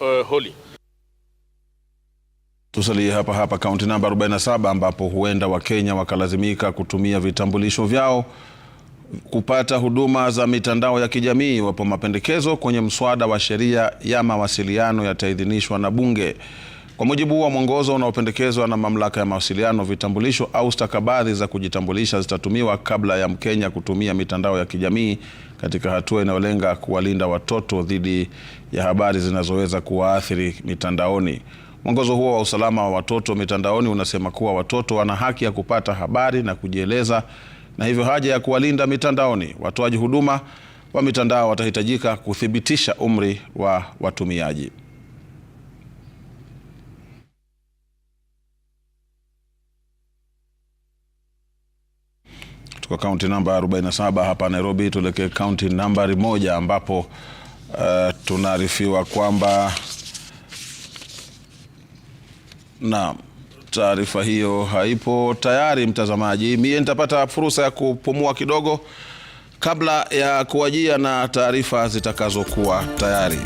uh, Holly. Tusalie hapa hapa kaunti namba 47 ambapo huenda Wakenya wakalazimika kutumia vitambulisho vyao kupata huduma za mitandao ya kijamii iwapo mapendekezo kwenye mswada wa sheria ya mawasiliano yataidhinishwa na bunge. Kwa mujibu wa mwongozo unaopendekezwa na mamlaka ya mawasiliano, vitambulisho au stakabadhi za kujitambulisha zitatumiwa kabla ya Mkenya kutumia mitandao ya kijamii katika hatua inayolenga kuwalinda watoto dhidi ya habari zinazoweza kuwaathiri mitandaoni. Mwongozo huo wa usalama wa watoto mitandaoni unasema kuwa watoto wana haki ya kupata habari na kujieleza, na hivyo haja ya kuwalinda mitandaoni. Watoaji huduma wa mitandao watahitajika kuthibitisha umri wa watumiaji. Kutoka kaunti namba 47 hapa Nairobi, tuelekee kaunti nambari moja ambapo uh, tunaarifiwa kwamba na taarifa hiyo haipo tayari, mtazamaji. Mie nitapata fursa ya kupumua kidogo kabla ya kuwajia na taarifa zitakazokuwa tayari.